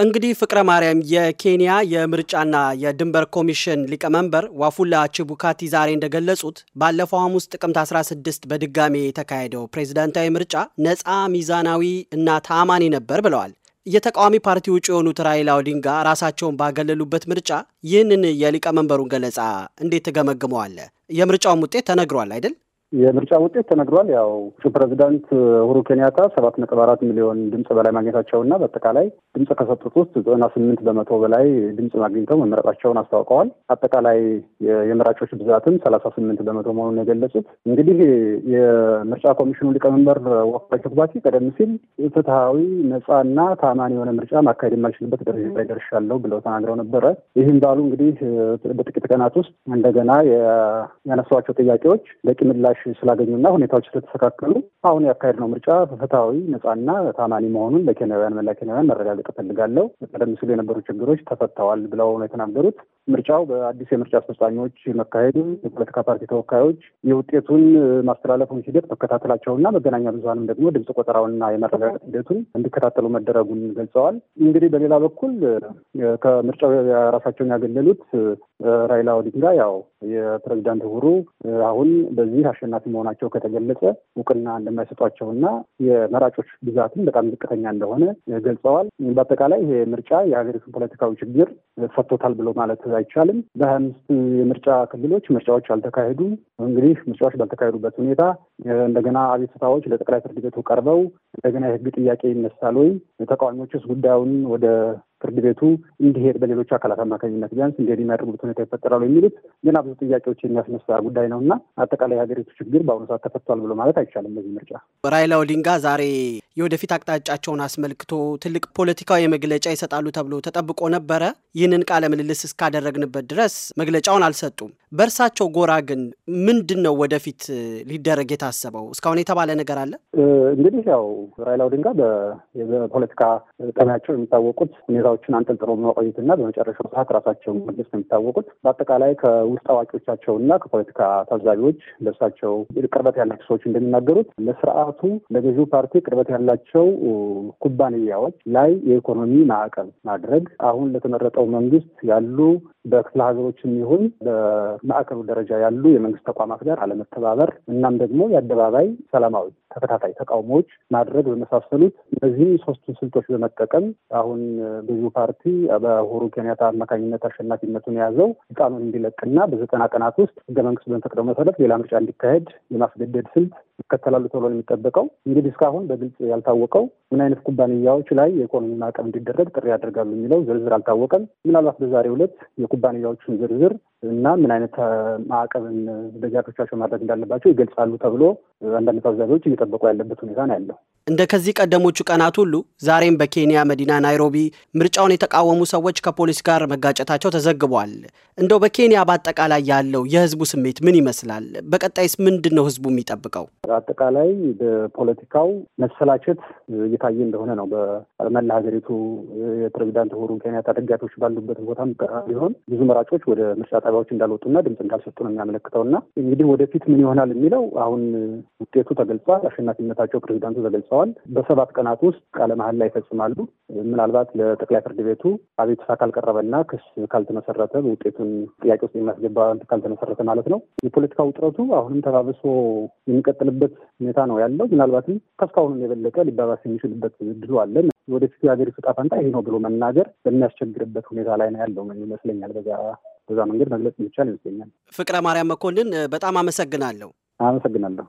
እንግዲህ ፍቅረ ማርያም የኬንያ የምርጫና የድንበር ኮሚሽን ሊቀመንበር ዋፉላ ችቡካቲ ዛሬ እንደገለጹት ባለፈው ሐሙስ ጥቅምት 16 በድጋሜ የተካሄደው ፕሬዝዳንታዊ ምርጫ ነፃ፣ ሚዛናዊ እና ተአማኒ ነበር ብለዋል። የተቃዋሚ ፓርቲ ውጭ የሆኑት ራይላ ኦዲንጋ ራሳቸውን ባገለሉበት ምርጫ ይህንን የሊቀመንበሩን ገለጻ እንዴት ተገመግመዋለ የምርጫውን ውጤት ተነግሯል አይደል? የምርጫ ውጤት ተነግሯል። ያው ፕሬዚዳንት ሁሩ ኬንያታ ሰባት ነጥብ አራት ሚሊዮን ድምፅ በላይ ማግኘታቸውና በአጠቃላይ ድምፅ ከሰጡት ውስጥ ዘጠና ስምንት በመቶ በላይ ድምፅ ማግኝተው መመረጣቸውን አስታውቀዋል። አጠቃላይ የመራጮች ብዛትም ሰላሳ ስምንት በመቶ መሆኑን የገለጹት እንግዲህ የምርጫ ኮሚሽኑ ሊቀመንበር ወርቅነህ ኪግባቲ ቀደም ሲል ፍትሐዊ፣ ነፃና ታማኒ የሆነ ምርጫ ማካሄድ የማልችልበት ደረጃ ላይ ደርሻለሁ ብለው ተናግረው ነበረ። ይህም ባሉ እንግዲህ በጥቂት ቀናት ውስጥ እንደገና ያነሷቸው ጥያቄዎች በቂ ምላሽ ምላሽ ስላገኙና ሁኔታዎች ስለተስተካከሉ አሁን ያካሄድነው ምርጫ ፍትሐዊ፣ ነጻና ታማኒ መሆኑን ለኬንያውያን መላ ኬንያውያን መረጋገጥ እፈልጋለሁ። ቀደም ሲሉ የነበሩ ችግሮች ተፈተዋል ብለው ነው የተናገሩት። ምርጫው በአዲስ የምርጫ አስፈጻሚዎች መካሄዱ የፖለቲካ ፓርቲ ተወካዮች የውጤቱን ማስተላለፉን ሂደት መከታተላቸውና መገናኛ ብዙሀንም ደግሞ ድምፅ ቆጠራውንና የመረጋገጥ ሂደቱን እንዲከታተሉ መደረጉን ገልጸዋል። እንግዲህ በሌላ በኩል ከምርጫው ራሳቸውን ያገለሉት ራይላ ኦዲንጋ ያው የፕሬዚዳንት ሁሩ አሁን በዚህ አሸናፊ መሆናቸው ከተገለጸ እውቅና እንደማይሰጧቸውና የመራጮች ብዛትም በጣም ዝቅተኛ እንደሆነ ገልጸዋል። በአጠቃላይ ይሄ ምርጫ የሀገሪቱን ፖለቲካዊ ችግር ፈቶታል ብሎ ማለት አይቻልም። በአምስት የምርጫ ክልሎች ምርጫዎች አልተካሄዱም። እንግዲህ ምርጫዎች ባልተካሄዱበት ሁኔታ እንደገና አቤቱታዎች ለጠቅላይ ፍርድ ቤቱ ቀርበው እንደገና የህግ ጥያቄ ይነሳል ወይም ውስጥ ጉዳዩን ወደ ፍርድ ቤቱ እንዲሄድ በሌሎች አካላት አማካኝነት ቢያንስ እንዲሄድ የሚያደርጉት ሁኔታ ይፈጠራሉ የሚሉት ገና ብዙ ጥያቄዎች የሚያስነሳ ጉዳይ ነው እና አጠቃላይ የሀገሪቱ ችግር በአሁኑ ሰዓት ተፈቷል ብሎ ማለት አይቻልም። በዚህ ምርጫ ራይላ ኦዲንጋ ዛሬ የወደፊት አቅጣጫቸውን አስመልክቶ ትልቅ ፖለቲካዊ መግለጫ ይሰጣሉ ተብሎ ተጠብቆ ነበረ። ይህንን ቃለ ምልልስ እስካደረግንበት ድረስ መግለጫውን አልሰጡም። በእርሳቸው ጎራ ግን ምንድን ነው ወደፊት ሊደረግ የታሰበው? እስካሁን የተባለ ነገር አለ? እንግዲህ ያው ራይላ ኦዲንጋ በፖለቲካ ጠሚያቸው የሚታወቁት ሁኔታ ስራዎችን አንጠልጥሎ መቆየትና በመጨረሻው ሰዓት ራሳቸውን መለስ ነው የሚታወቁት። በአጠቃላይ ከውስጥ አዋቂዎቻቸውና ከፖለቲካ ታዛቢዎች ለእሳቸው ቅርበት ያላቸው ሰዎች እንደሚናገሩት ለስርዓቱ ለገዢው ፓርቲ ቅርበት ያላቸው ኩባንያዎች ላይ የኢኮኖሚ ማዕቀብ ማድረግ አሁን ለተመረጠው መንግስት ያሉ በክፍለ ሀገሮችም ይሁን በማዕከሉ ደረጃ ያሉ የመንግስት ተቋማት ጋር አለመተባበር እናም ደግሞ የአደባባይ ሰላማዊ ተከታታይ ተቃውሞዎች ማድረግ በመሳሰሉት እነዚህ ሶስቱን ስልቶች በመጠቀም አሁን ገዢ ፓርቲ በሁሩ ኬንያታ አማካኝነት አሸናፊነቱን የያዘው ስልጣኑን እንዲለቅና በዘጠና ቀናት ውስጥ ህገ መንግስት በሚፈቅደው መሰረት ሌላ ምርጫ እንዲካሄድ የማስገደድ ስልት ይከተላሉ ተብሎ ነው የሚጠበቀው። እንግዲህ እስካሁን በግልጽ ያልታወቀው ምን አይነት ኩባንያዎች ላይ የኢኮኖሚ ማዕቀብ እንዲደረግ ጥሪ ያደርጋሉ የሚለው ዝርዝር አልታወቀም። ምናልባት በዛሬው ዕለት የኩባንያዎቹን ዝርዝር እና ምን አይነት ማዕቀብን ደጋፊዎቻቸው ማድረግ እንዳለባቸው ይገልጻሉ ተብሎ አንዳንድ ታዛቢዎች እየጠበቁ ያለበት ሁኔታ ነው ያለው። እንደ ከዚህ ቀደሞቹ ቀናት ሁሉ ዛሬም በኬንያ መዲና ናይሮቢ ምርጫውን የተቃወሙ ሰዎች ከፖሊስ ጋር መጋጨታቸው ተዘግቧል። እንደው በኬንያ በአጠቃላይ ያለው የህዝቡ ስሜት ምን ይመስላል? በቀጣይስ ምንድን ነው ህዝቡ የሚጠብቀው? አጠቃላይ በፖለቲካው መሰላቸት እየታየ እንደሆነ ነው። በመላ ሀገሪቱ የፕሬዚዳንት ኡሁሩ ኬንያታ ደጋፊዎች ባሉበት ቦታም ቢሆን ብዙ መራጮች ወደ ምርጫ ጣቢያዎች እንዳልወጡና ድምፅ እንዳልሰጡ ነው የሚያመለክተው እና እንግዲህ ወደፊት ምን ይሆናል የሚለው አሁን ውጤቱ ተገልጿል። አሸናፊነታቸው ፕሬዚዳንቱ ተገልጸዋል። በሰባት ቀናት ውስጥ ቃለ ላይ ይፈጽማሉ። ምናልባት ለጠቅላይ ጠቅላይ ፍርድ ቤቱ አቤቱታ ካልቀረበና ክስ ካልተመሰረተ ውጤቱን ጥያቄ ውስጥ የሚያስገባ ካልተመሰረተ ማለት ነው። የፖለቲካ ውጥረቱ አሁንም ተባብሶ የሚቀጥልበት ሁኔታ ነው ያለው። ምናልባትም ከእስካሁንም የበለጠ ሊባባስ የሚችልበት ብዙ አለን። ወደፊት የሀገሪቱ ዕጣ ፈንታ ይሄ ነው ብሎ መናገር በሚያስቸግርበት ሁኔታ ላይ ነው ያለው ይመስለኛል። በዛ በዛ መንገድ መግለጽ የሚቻል ይመስለኛል። ፍቅረ ማርያም መኮንን በጣም አመሰግናለሁ። አመሰግናለሁ።